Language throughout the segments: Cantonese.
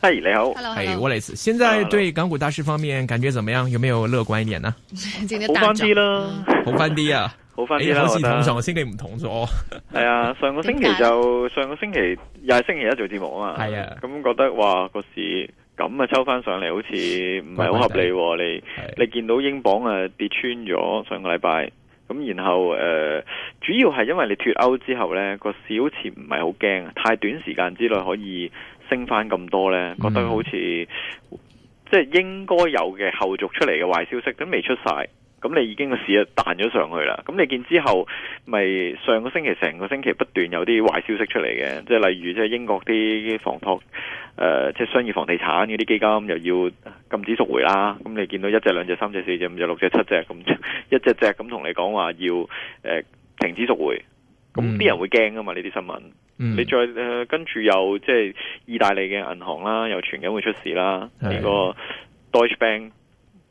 係、hey, 你好，你好、hey。誒，Wallace，現在對港股大市方面感覺，hello, hello. 感覺怎麼樣？有沒有樂觀一點呢？ 好翻啲啦， 嗯、好翻啲啊， 好翻啲啊！我、欸、好似同上個星期唔同咗。係 啊，上個星期就上個星期又係星期一做節目啊嘛。係 啊，咁、嗯、覺得哇個市咁啊抽翻上嚟，好似唔係好合理怪怪。你、啊、你見到英鎊啊跌穿咗上個禮拜，咁然後誒、呃，主要係因為你脫歐之後呢個市好似唔係好驚，太短時間之內可以。升翻咁多呢，覺得好似、嗯、即係應該有嘅後續出嚟嘅壞消息，都未出晒，咁你已經個市啊彈咗上去啦。咁你見之後，咪上個星期成個星期不斷有啲壞消息出嚟嘅，即係例如即係英國啲房託，誒、呃，即係商業房地產嗰啲基金又要禁止贖回啦。咁你見到一隻、兩隻、三隻、四隻、五隻、六隻、七隻咁，一隻隻咁同你講話要誒、呃、停止贖回，咁、嗯、啲人會驚噶嘛，呢啲新聞。嗯、你再、呃、跟住又即係意大利嘅銀行啦，又傳緊會出事啦。呢個 Deutsche Bank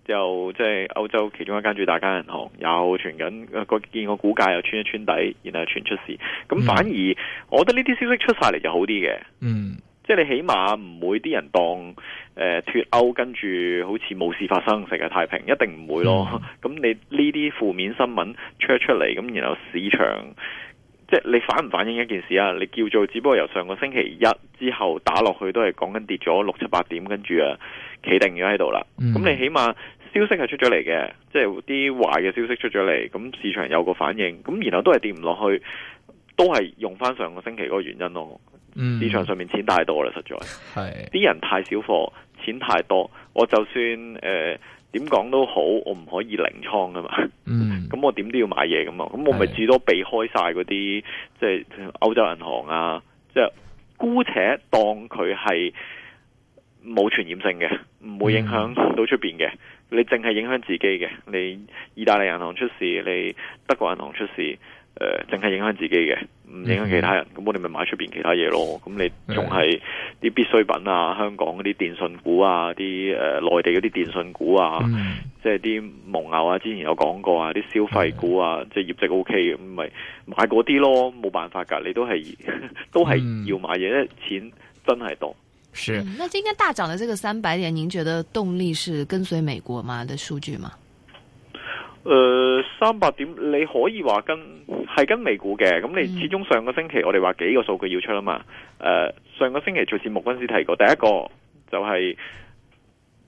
又即係歐洲其中一間最大間銀行，又傳緊個、呃、見個股價又穿一穿底，然後傳出事。咁反而、嗯、我覺得呢啲消息出晒嚟就好啲嘅。嗯，即係你起碼唔會啲人當誒、呃、脫歐跟住好似冇事發生，世界太平一定唔會咯。咁、哦、你呢啲負面新聞出出嚟，咁然後市場。即係你反唔反映一件事啊？你叫做只不過由上個星期一之後打落去都係講緊跌咗六七八點，跟住啊企定咗喺度啦。咁、嗯、你起碼消息係出咗嚟嘅，即係啲壞嘅消息出咗嚟，咁市場有個反應，咁然後都係跌唔落去，都係用翻上個星期嗰個原因咯、嗯。市場上面錢太多啦，實在係啲人太少貨，錢太多，我就算誒。呃點講都好，我唔可以零倉噶嘛。嗯，咁我點都要買嘢咁嘛。咁我咪至多避開晒嗰啲，即係歐洲銀行啊。即係姑且當佢係冇傳染性嘅，唔會影響到出邊嘅。你淨係影響自己嘅。你意大利銀行出事，你德國銀行出事。誒、呃，淨係影響自己嘅，唔影響其他人。咁、mm -hmm. 我哋咪買出邊其他嘢咯。咁你仲係啲必需品啊，香港嗰啲電信股啊，啲誒、呃、內地嗰啲電信股啊，mm -hmm. 即係啲蒙牛啊，之前有講過啊，啲消費股啊，mm -hmm. 即係業績 OK，咁咪買嗰啲咯。冇辦法噶，你都係都係要買嘢，因錢真係多。是、mm -hmm. 嗯。那今天大漲的這個三百點，您覺得動力是跟隨美國嗎的數據嗎？誒、呃，三百點你可以話跟係跟美股嘅，咁你始終上個星期我哋話幾個數據要出啦嘛？誒、呃，上個星期做節目，嗰時提過，第一個就係、是、誒、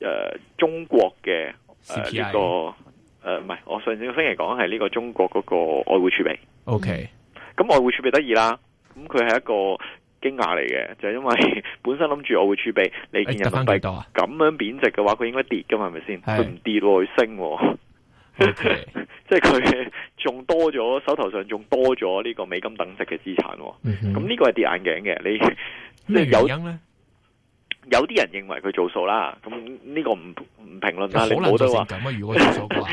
呃、中國嘅呢、呃這個誒唔係，我上個星期講係呢個中國嗰個外匯儲備。O K.，咁外匯儲備得意啦，咁佢係一個驚訝嚟嘅，就係、是、因為本身諗住外匯儲備你見人民幣咁樣貶值嘅話，佢、哎、應該跌噶嘛，係咪先？佢唔跌落去升。Okay. 即係佢仲多咗，手頭上仲多咗呢個美金等值嘅資產，咁、mm-hmm、呢個係跌眼鏡嘅。你即係有咧，有啲人認為佢做數啦。咁呢個唔唔評論啦。你冇得話。咁啊，如果做數嘅話，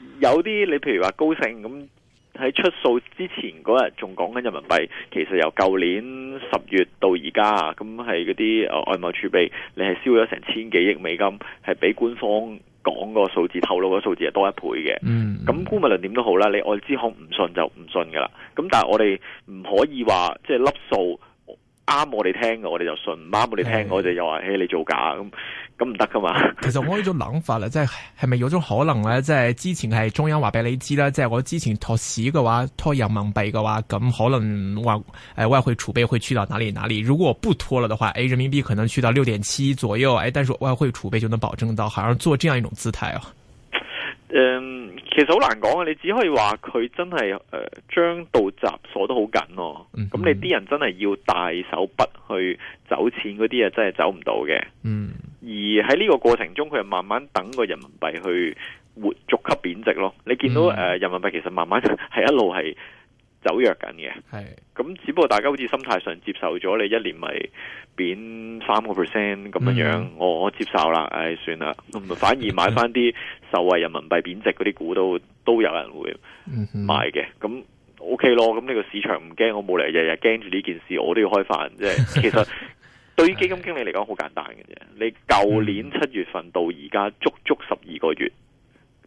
有啲你譬如話高盛咁喺出數之前嗰日仲講緊人民幣，其實由舊年十月到而家啊，咁係嗰啲外貿儲備，你係燒咗成千幾億美金，係俾官方。講個數字，透露個數字係多一倍嘅。嗯，咁姑勿論點都好啦，你外資行唔信就唔信噶啦。咁但係我哋唔可以話即係粒數。啱我哋聽，我哋就信；唔啱我哋聽我，我哋又話：嘿，你做假咁咁唔得噶嘛。其實我呢種諗法咧，即係係咪有種可能咧？即係之前係中央話俾你知啦，即係我之前托市嘅話，托人民幣嘅話，咁可能話，誒，外匯儲備會去到哪裏哪裏。如果我不拖了嘅話，誒、哎、人民幣可能去到六點七左右，誒、哎，但是外匯儲備就能保證到，好像做這樣一種姿態啊。嗯。其實好難講啊，你只可以話佢真係誒，將道閘鎖得好緊咯。咁、呃啊嗯嗯、你啲人真係要大手筆去走錢嗰啲啊，真係走唔到嘅。嗯，而喺呢個過程中，佢又慢慢等個人民幣去活逐級貶值咯。你見到誒、嗯呃，人民幣其實慢慢係一路係走弱緊嘅。係咁，只不過大家好似心態上接受咗，你一年咪貶三個 percent 咁樣樣，嗯，我我接受啦，唉，哎，算啦，嗯，反而買翻啲受惠人民幣貶值嗰啲股都都有人會買嘅，咁，嗯、OK 咯，咁呢個市場唔驚，我冇理由日日驚住呢件事，我都要開飯即係， 其實對於基金經理嚟講好簡單嘅啫，你舊年七月份到而家足足十二個月。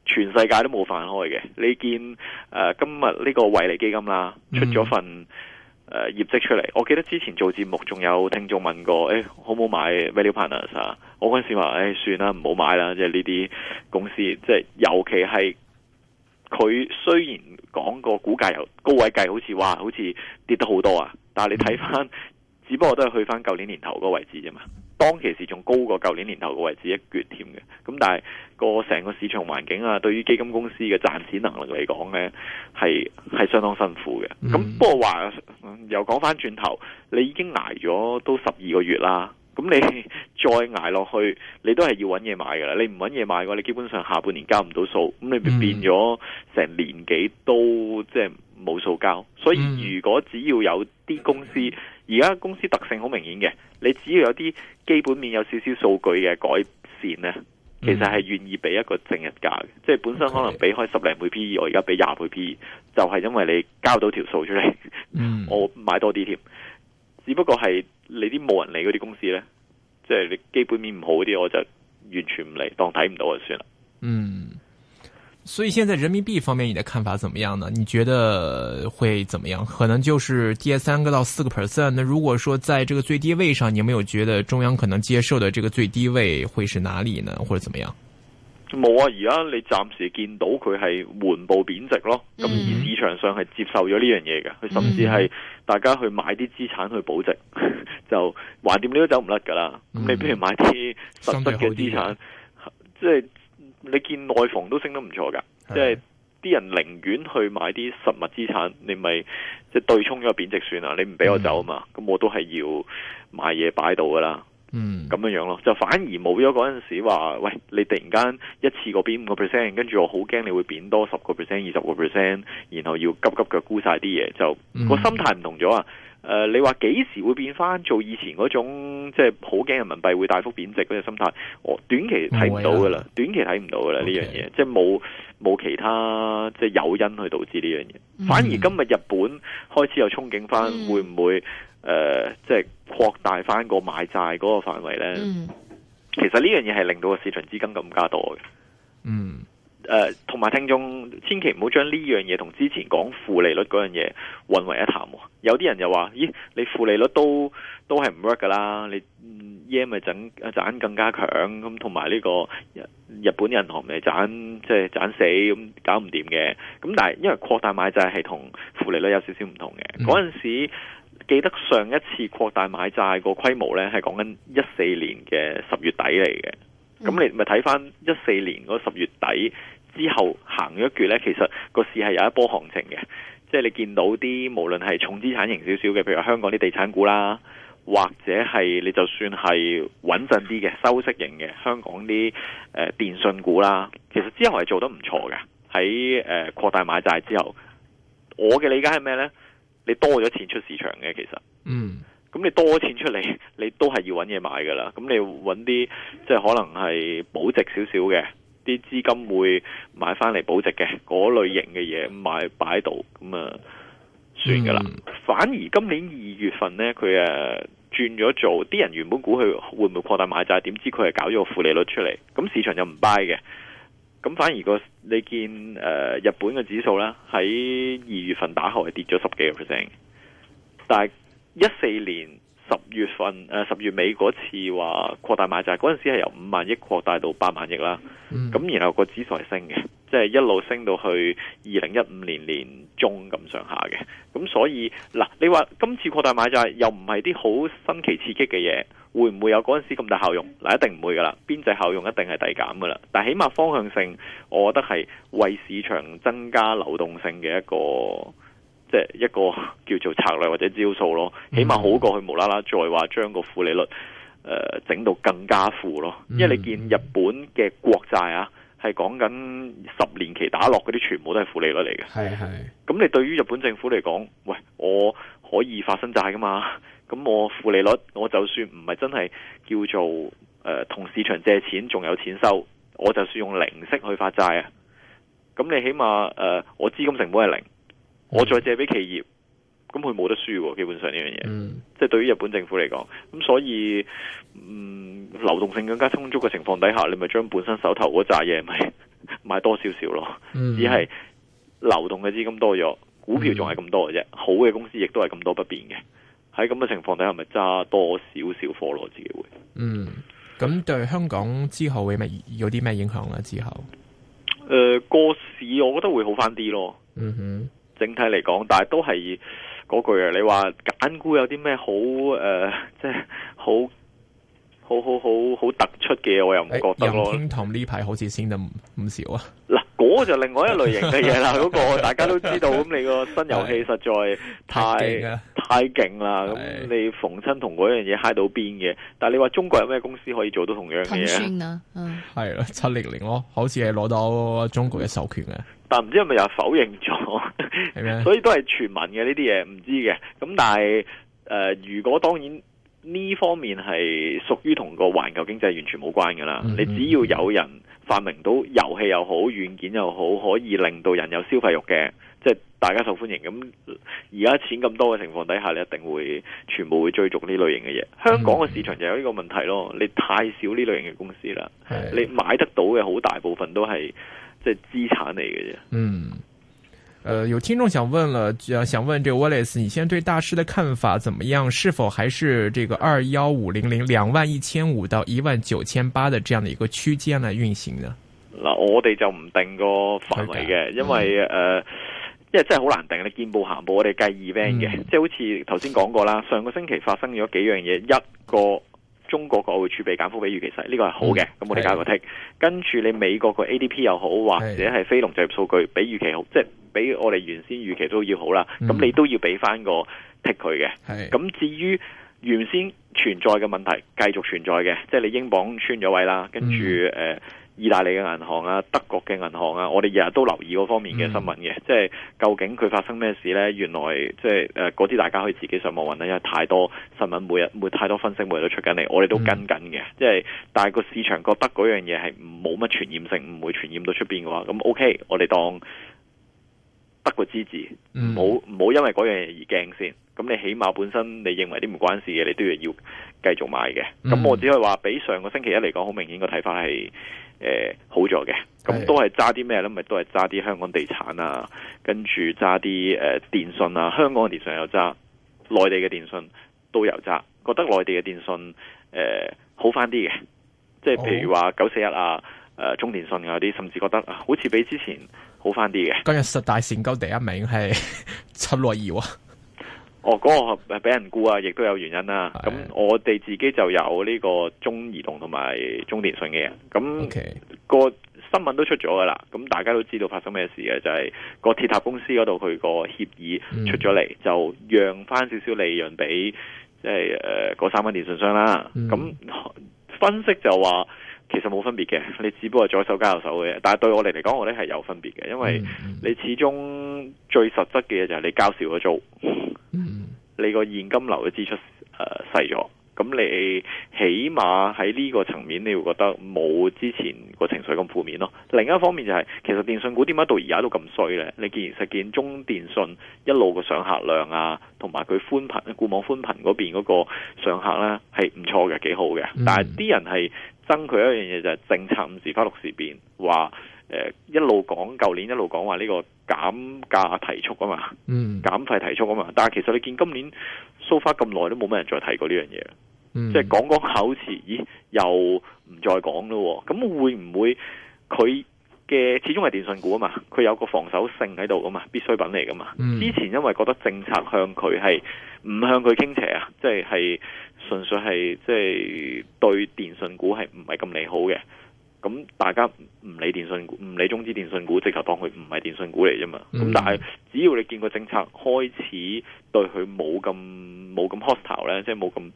全世界都冇飯開嘅，你見誒、呃、今日呢個惠理基金啦，出咗份誒、呃、業績出嚟。我記得之前做節目，仲有聽眾問過，誒、欸、好唔好買 Value Partners 啊？我嗰陣時話，誒、欸、算啦，唔好買啦，即係呢啲公司，即、就、係、是、尤其係佢雖然講個股價由高位計，好似話好似跌得好多啊，但係你睇翻，只不過都係去翻舊年年頭個位置啫嘛。當其時仲高過舊年年頭嘅位置一橛添嘅，咁但係個成個市場環境啊，對於基金公司嘅賺錢能力嚟講呢，係係相當辛苦嘅。咁、嗯、不過話，又講返轉頭，你已經挨咗都十二個月啦。咁你再捱落去，你都係要揾嘢買噶啦。你唔揾嘢買嘅話，你基本上下半年交唔到數，咁你變咗成年幾都、嗯、即係冇數交。所以如果只要有啲公司，而家公司特性好明顯嘅，你只要有啲基本面有少少數據嘅改善咧、嗯，其實係願意俾一個正日價嘅。即係本身可能俾開十零倍 PE，我而家俾廿倍 PE，就係因為你交到條數出嚟、嗯，我買多啲添。只不過係。你啲冇人嚟嗰啲公司咧，即係你基本面唔好啲，我就完全唔嚟，當睇唔到就算啦。嗯，所以現在人民幣方面，你的看法怎麼樣呢？你覺得會怎麼樣？可能就是跌三個到四個 percent。那如果說在這個最低位上，你有沒有覺得中央可能接受的這個最低位會是哪裡呢？或者怎麼樣？冇啊！而家你暫時見到佢係緩步貶值咯，咁、嗯、而市場上係接受咗呢樣嘢嘅，佢甚至係大家去買啲資產去保值，嗯、 就橫掂你都走唔甩噶啦。你、嗯、不如買啲實質嘅資產，即係你見內房都升得唔錯噶，即係啲人寧願去買啲實物資產，你咪即係對沖咗個貶值算啦。你唔俾我走啊嘛，咁、嗯、我都係要買嘢擺到噶啦。嗯，咁樣樣咯，就反而冇咗嗰陣時話，喂，你突然間一次過，變五個 percent，跟住我好驚你會變多十個 percent、二十個 percent，然後要急急腳沽晒啲嘢，就、嗯，個心態唔同咗啊。誒、呃，你話幾時會變翻做以前嗰種，即係好驚人民幣會大幅貶值嗰隻心態？我短期睇唔到噶啦，啊，短期睇唔到噶啦呢樣嘢，即係冇冇其他即係誘因去導致呢樣嘢。反而今日日本開始又憧憬翻、嗯，會唔會？誒、呃，即係擴大翻個買債嗰個範圍咧，其實呢樣嘢係令到個市場資金更加多嘅。嗯，誒、呃，同埋聽眾，千祈唔好將呢樣嘢同之前講負利率嗰樣嘢混為一談。有啲人又話，咦，你負利率都都係唔 work 噶啦。你、嗯、耶咪整啊，整盞更加強咁，同埋呢個日本銀行咪盞，即係盞死咁搞唔掂嘅。咁但係因為擴大買債係同負利率有少少唔同嘅，嗰、嗯、陣時。記得上一次擴大買債個規模呢，係講緊一四年嘅十月底嚟嘅。咁、嗯、你咪睇翻一四年嗰十月底之後行咗一橛呢？其實個市係有一波行情嘅。即、就、係、是、你見到啲無論係重資產型少少嘅，譬如香港啲地產股啦，或者係你就算係穩陣啲嘅收息型嘅香港啲誒、呃、電信股啦，其實之後係做得唔錯嘅。喺誒擴大買債之後，我嘅理解係咩呢？你多咗錢出市場嘅其實，嗯，咁你多咗錢出嚟，你都係要揾嘢買噶啦。咁你揾啲即係可能係保值少少嘅啲資金會買翻嚟保值嘅嗰類型嘅嘢買擺喺度，咁啊算噶啦、嗯。反而今年二月份呢，佢誒轉咗做，啲人原本估佢會唔會擴大買債，點知佢係搞咗個負利率出嚟，咁市場又唔 buy 嘅。咁反而個你見誒日本嘅指數咧，喺二月份打後係跌咗十幾個 percent，但係一四年十月份誒十月尾嗰次話擴大買債，嗰陣時係由五萬億擴大到八萬億啦，咁，嗯，然後個指數係升嘅，即係一路升到去二零一五年年中咁上下嘅，咁所以嗱，你話今次擴大買債又唔係啲好新奇刺激嘅嘢。會唔會有嗰陣時咁大效用？嗱，一定唔會噶啦，邊際效用一定係遞減噶啦。但起碼方向性，我覺得係為市場增加流動性嘅一個，即係一個叫做策略或者招數咯。起碼好過去無啦啦再話將個負利率誒、呃、整到更加負咯。因為你見日本嘅國債啊，係講緊十年期打落嗰啲，全部都係負利率嚟嘅。係係。咁你對於日本政府嚟講，喂，我可以發生債噶嘛？咁我負利率，我就算唔係真係叫做誒、呃、同市場借錢，仲有錢收，我就算用零息去發債啊！咁你起碼誒、呃，我資金成本係零，我再借俾企業，咁佢冇得輸。基本上呢樣嘢，即、嗯、係、就是、對於日本政府嚟講，咁所以嗯流動性更加充足嘅情況底下，你咪將本身手頭嗰扎嘢咪買多少少咯，只係流動嘅資金多咗，股票仲係咁多嘅啫、嗯，好嘅公司亦都係咁多不變嘅。喺咁嘅情況底下，咪揸多少少貨咯，自己會。嗯，咁對香港之後會咪有啲咩影響啦？之後，誒個市，我覺得會好返啲咯。嗯哼，整體嚟講，但係都係嗰句啊，你話揀股有啲咩好？誒、呃，即、就、係、是、好，好好好好突出嘅，我又唔覺得咯。天堂呢排好似升得唔少啊！嗱，嗰就另外一類型嘅嘢啦，嗰、 嗰個大家都知道。咁你個新遊戲實在太～太太勁啦！咁你逢親同嗰樣嘢嗨到邊嘅？但係你話中國有咩公司可以做到同樣嘅嘢？騰訊啊，嗯，係啦，七零零咯，好似係攞到中國嘅授權嘅。但唔知係咪又否認咗？ 所以都係傳聞嘅呢啲嘢，唔知嘅。咁但係誒、呃，如果當然呢方面係屬於同個環球經濟完全冇關噶啦、嗯嗯嗯。你只要有人發明到遊戲又好，軟件又好，可以令到人有消費欲嘅，即係。大家受歡迎咁，而家錢咁多嘅情況底下，你一定會全部會追逐呢類型嘅嘢。香港嘅市場就有呢個問題咯、嗯，你太少呢類型嘅公司啦，你買得到嘅好大部分都係即係資產嚟嘅啫。嗯，誒、呃、有聽眾想問啦，想問呢個 Wallace，你在對大市嘅看法怎點樣？是否還是這個二幺五零零兩萬一千五到一萬九千八的這樣嘅一個區間嚟運行呢？嗱、嗯呃，我哋就唔定個範圍嘅，因為誒。嗯呃因為真係好難定，你見步行步，我哋計 event 嘅，即係好似頭先講過啦。上個星期發生咗幾樣嘢，一個中國，國會儲減比，這個儲備減幅比預期細呢個係好嘅，咁我哋加個 tick。跟住你美國個 ADP 又好，或者係非農就業數據比預期好，即係比我哋原先預期都要好啦。咁、嗯、你都要俾翻個 tick 佢嘅。係咁，至於原先存在嘅問題繼續存在嘅，即係你英鎊穿咗位啦，跟住誒意大利嘅銀行啊，德國嘅銀行啊，我哋日日都留意嗰方面嘅新聞嘅、嗯，即係究竟佢發生咩事呢？原來即係誒嗰啲大家可以自己上網揾啦，因為太多新聞每日，每太多分析每日都出緊嚟，我哋都跟緊嘅、嗯。即係但係個市場覺得嗰樣嘢係冇乜傳染性，唔會傳染到出邊嘅話，咁 OK，我哋當得個支持，唔好唔好因為嗰樣嘢而驚先。咁你起碼本身你認為啲唔關事嘅，你都要繼續買嘅。咁我只係話比上個星期一嚟講，好明顯個睇法係誒、呃、好咗嘅。咁都係揸啲咩咧？咪都係揸啲香港地產啊，跟住揸啲誒電信啊，香港嘅電信又揸，內地嘅電信都有揸。覺得內地嘅電信誒、呃、好返啲嘅，即係譬如話九四一啊、呃、中電信啊啲，甚至覺得好似比之前好返啲嘅。今日十大成交第一名係七內二啊！ 哦，嗰、那個係俾人沽啊，亦都有原因啦。咁我哋自己就有呢個中移動同埋中電信嘅人。咁、那個新聞都出咗噶啦，咁大家都知道發生咩事嘅，就係、是、個鐵塔公司嗰度佢個協議出咗嚟、嗯，就讓翻少少利潤俾即係誒嗰三間電信商啦。咁、嗯、分析就話。其實冇分別嘅，你只不過左手交右手嘅，但係對我哋嚟講，我哋係有分別嘅，因為你始終最實質嘅嘢就係你交少咗租，你個現金流嘅支出誒細咗，咁、呃、你起碼喺呢個層面你會覺得冇之前個情緒咁負面咯。另一方面就係、是，其實電信股點解到而家都咁衰呢？你既然實見中電信一路嘅上客量啊，同埋佢寬頻固網寬頻嗰邊嗰個上客呢，係唔錯嘅，幾好嘅，但係啲人係。爭佢一樣嘢就係、是、政策五時花六時變，話、呃、一路講舊年，一路講話呢個減價提速啊嘛，mm. 減費提速啊嘛，但係其實你見今年 so far 咁耐都冇乜人再提過呢樣嘢，mm. 即係講講口詞，咦又唔再講咯，咁會唔會佢？嘅始終係電信股啊嘛，佢有個防守性喺度噶嘛，必需品嚟噶嘛，嗯。之前因為覺得政策向佢係唔向佢傾斜啊，即係係純粹係即係對電信股係唔係咁利好嘅，咁大家唔理電信股唔理中資電信股，直頭當佢唔係電信股嚟啫嘛。咁、嗯、但係只要你見個政策開始對佢冇咁冇咁 hostile 咧，即係冇咁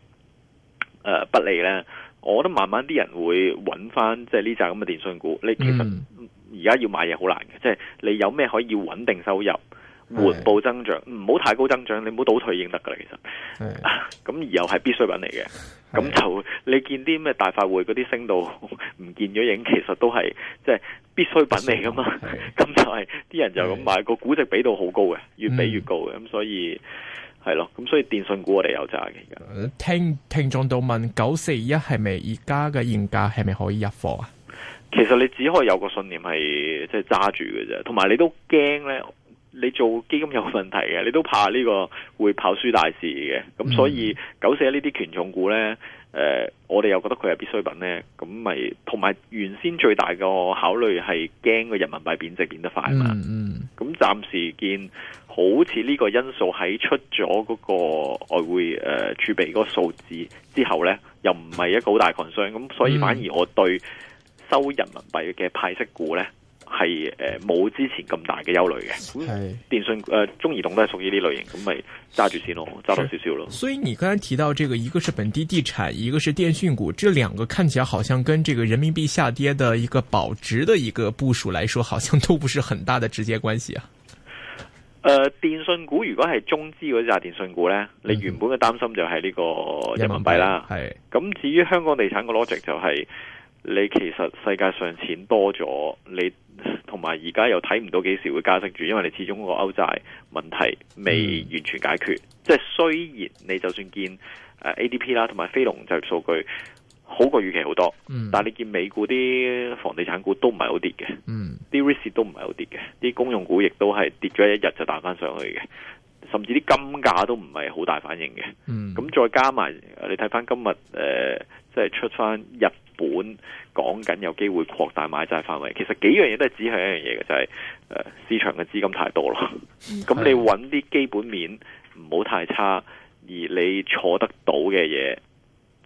誒不利咧，我覺得慢慢啲人會揾翻即係呢紮咁嘅電信股。你其實。嗯而家要買嘢好難嘅，即、就、係、是、你有咩可以穩定收入、穩步增長，唔好、嗯、太高增長，你唔好倒退已經得噶啦。其實，咁 而又係必需品嚟嘅，咁就你見啲咩大法會嗰啲升到唔見咗影，其實都係即係必需品嚟噶嘛。咁 就係、是、啲人就咁買個估值比到好高嘅，越比越高嘅，咁、嗯、所以係咯，咁所以電信股我哋有揸嘅。聽聽眾度問九四一係咪而家嘅現價係咪可以入貨啊？其實你只可以有個信念係即係揸住嘅啫，同埋你都驚呢，你做基金有問題嘅，你都怕呢個會跑輸大市嘅。咁所以九四一呢啲權重股呢，誒、呃，我哋又覺得佢係必需品呢。咁咪同埋原先最大個考慮係驚個人民幣貶值貶得快嘛。嗯嗯，咁暫時見好似呢個因素喺出咗嗰個外匯誒儲備嗰個數字之後呢，又唔係一個好大 concern，咁所以反而我對。收人民幣嘅派息股呢，係誒冇之前咁大嘅憂慮嘅。係電信誒、呃、中移動都係屬於呢類型，咁咪揸住先咯，揸到少少咯。所以你剛才提到這個，一個是本地地產，一個是電信股，這兩個看起來好像跟這個人民幣下跌的一個保值的一個部署來說，好像都不是很大的直接關係啊。誒、呃，電信股如果係中資嗰隻電信股呢，你原本嘅擔心就係呢個人民幣啦。係、嗯、咁，嗯、至於香港地產嘅 logic 就係、是。你其實世界上錢多咗，你同埋而家又睇唔到幾時會加息住，因為你始終個歐債問題未完全解決。嗯、即係雖然你就算見 ADP 啦，同埋非農就業數據好過預期好多、嗯，但你見美股啲房地產股都唔係好跌嘅，啲 REITs 都唔係好跌嘅，啲公用股亦都係跌咗一日就彈翻上去嘅，甚至啲金價都唔係好大反應嘅。咁、嗯、再加埋你睇翻今日即係出翻日本講緊有機會擴大買債範圍，其實幾樣嘢都係只係一樣嘢嘅，就係、是、誒、呃、市場嘅資金太多啦。咁 你揾啲基本面唔好太差，而你坐得到嘅嘢，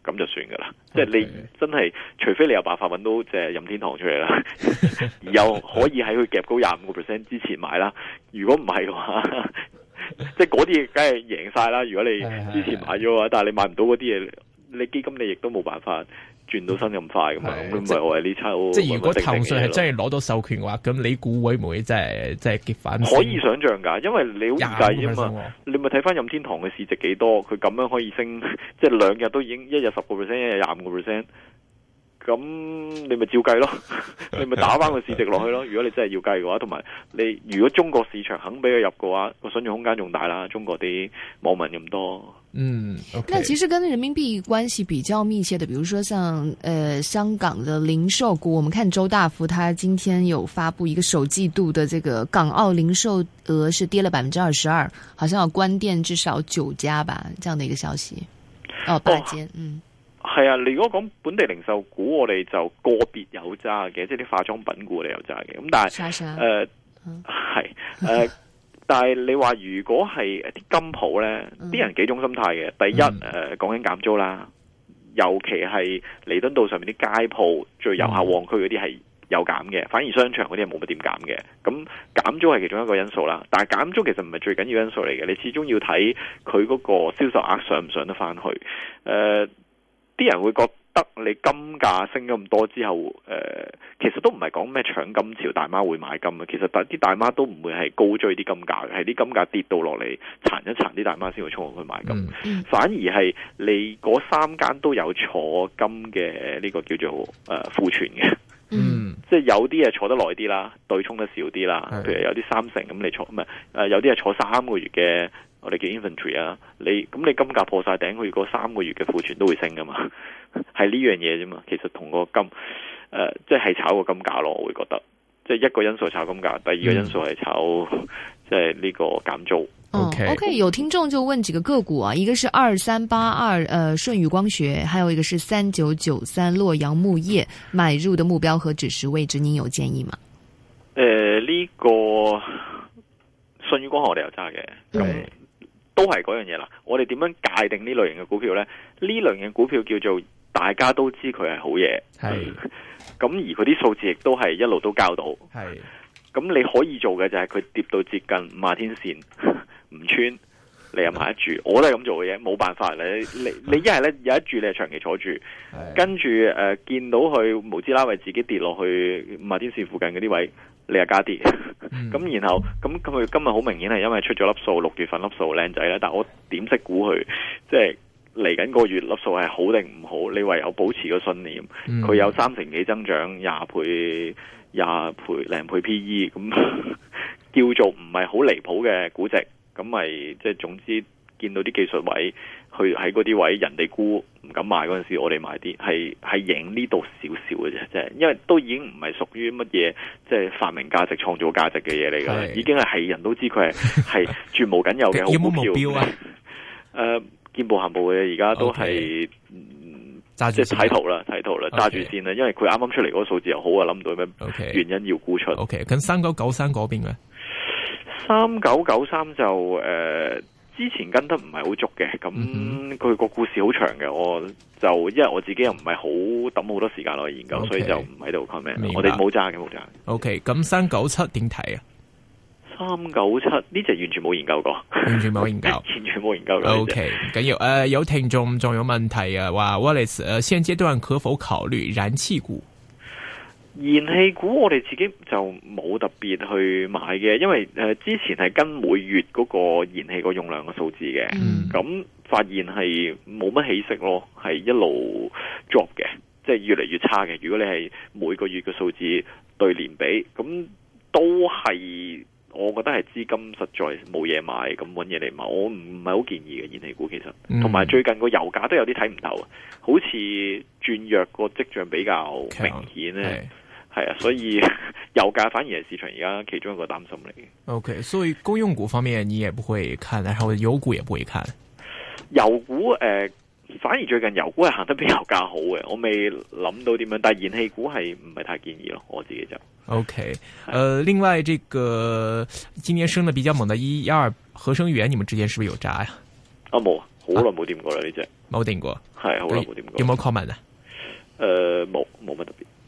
咁就算噶啦。即 係你真係，除非你有辦法揾到即係任天堂出嚟啦， 又可以喺佢夾高廿五個 percent 之前買啦。如果唔係嘅話，即係嗰啲梗係贏晒啦。如果你之前買咗嘅話， 但係你買唔到嗰啲嘢。你基金你亦都冇辦法轉到身咁快噶嘛？咁、就、咪、是、我係呢抽，即係如果騰訊係真係攞到授權嘅話，咁你估會唔會即係即係結反？可以想象㗎，因為你好易計啫嘛。你咪睇翻任天堂嘅市值幾多，佢咁樣可以升，即、就、係、是、兩日都已經一日十個 percent，一日廿五個 percent。咁你咪照計咯，你咪 打翻個市值落去咯。如果你真係要計嘅話，同埋你如果中國市場肯俾佢入嘅話，個想象空間仲大啦。中國啲網民咁多。嗯、okay，那其實跟人民幣關係比較密切的，比如說像呃香港的零售股，我們看周大福，他今天有發布一個首季度的這個港澳零售額是跌了百分之二十二，好像有關店至少九家吧，這樣的一個消息。哦，八間、哦，嗯。係啊，如果講本地零售股，我哋就個別有揸嘅，即係啲化妝品股嚟有揸嘅。咁但係，誒，係誒，但係、嗯呃嗯呃嗯、你話如果係啲金鋪咧，啲、嗯、人幾種心態嘅。第一，誒、呃，講緊減租啦，尤其係彌敦道上面啲街鋪，最遊客旺區嗰啲係有減嘅、嗯，反而商場嗰啲係冇乜點減嘅。咁、嗯、減租係其中一個因素啦，但係減租其實唔係最緊要因素嚟嘅，你始終要睇佢嗰個銷售額上唔上得翻去，誒、呃。啲人會覺得你金價升咗咁多之後，誒、呃、其實都唔係講咩搶金潮大媽會買金啊！其實大啲大媽都唔會係高追啲金價嘅，係啲金價跌到落嚟，殘一殘啲大媽先會衝去買金。嗯、反而係你嗰三間都有坐金嘅呢、這個叫做誒、呃、庫存嘅。嗯，嗯，即係有啲嘢坐得耐啲啦，對沖得少啲啦。譬如有啲三成咁你坐，唔係誒有啲係坐三個月嘅，我哋叫 inventory 啊。你咁你金價破晒頂，佢、那、嗰、個、三個月嘅庫存都會升噶嘛？係呢樣嘢啫嘛。其實同個金誒、呃，即係炒個金價咯。我會覺得，即係一個因素炒金價，第二個因素係炒、嗯、即係呢個減租。o、okay, 嗯、k、okay, 有聽眾就問幾個個股啊，一個是二三八二，呃，舜宇光學，還有一個是三九九三，洛陽鉬業，買入的目標和止蝕位置，你有建議嗎？誒、呃，呢、這個舜宇光學我哋有揸嘅，咁都係嗰樣嘢啦。我哋點樣界定呢類型嘅股票呢？呢類型嘅股票叫做大家都知佢係好嘢，係。咁而佢啲數字亦都係一路都交到，係。咁你可以做嘅就係佢跌到接近五十天線。唔穿，你又買一注，我都係咁做嘅嘢，冇辦法。你你你一係咧有一注，你係長期坐住，跟住誒、呃、見到佢無知啦為自己跌落去五天線附近嗰啲位，你又加跌。咁、嗯、 然後咁咁佢今日好明顯係因為出咗粒數，六月份粒數靚仔啦。但我點識估佢？即係嚟緊個月粒數係好定唔好？你唯有保持個信念，佢、嗯、有三成幾增長，廿倍廿倍零倍 P E，咁 叫做唔係好離譜嘅估值。咁咪即係總之見到啲技術位，去喺嗰啲位，人哋沽唔敢買嗰陣時，我哋買啲，係係影呢度少少嘅啫，即係因為都已經唔係屬於乜嘢，即係發明價值、創造價值嘅嘢嚟噶啦，已經係係人都知佢係係絕無僅有嘅好股票。有冇目標啊？誒、 呃，見步行步嘅，而家都係揸住睇圖啦，睇圖啦，揸住先啦、okay，因為佢啱啱出嚟嗰個數字又好啊，諗唔到咩原因要沽出？OK，咁三九九三邊咧？三九九三就誒、呃，之前跟得唔係好足嘅，咁佢個故事好長嘅，我就因為我自己又唔係好抌好多時間落去研究，okay, 所以就唔喺度 comment。我哋冇揸嘅，冇揸。O K，咁三九七點睇啊？三九七呢隻完全冇研究過，完全冇研究， 完全冇研究過。O K，唔緊要誒，有聽眾仲有問題啊？話 Wallace 誒現階段可否考慮燃氣股？燃氣股我哋自己就冇特別去買嘅，因為誒、呃、之前係跟每月嗰個燃氣個用量嘅數字嘅，咁、嗯、發現係冇乜起色咯，係一路 drop 嘅，即係越嚟越差嘅。如果你係每個月嘅數字對年比，咁、嗯、都係我覺得係資金實在冇嘢買，咁搵嘢嚟買，我唔係好建議嘅燃氣股。其實同埋最近個油價都有啲睇唔透，好似轉弱個跡象比較明顯咧。嗯係啊，所以油價反而係市場而家其中一個擔心嚟嘅。OK，所以公用股方面你也不會看，然後油股也不會看。油股誒、呃，反而最近油股係行得比油價好嘅。我未諗到點樣，但係燃氣股係唔係太建議咯。我自己就 OK。誒、okay, 呃，另外呢、這個今年升得比較猛的一二合生元，你們之間是不是有揸呀、啊？啊冇，好耐冇掂過啦呢、啊、只冇掂過，係好耐冇掂過。有冇 comment 啊？誒、呃，冇冇乜特別。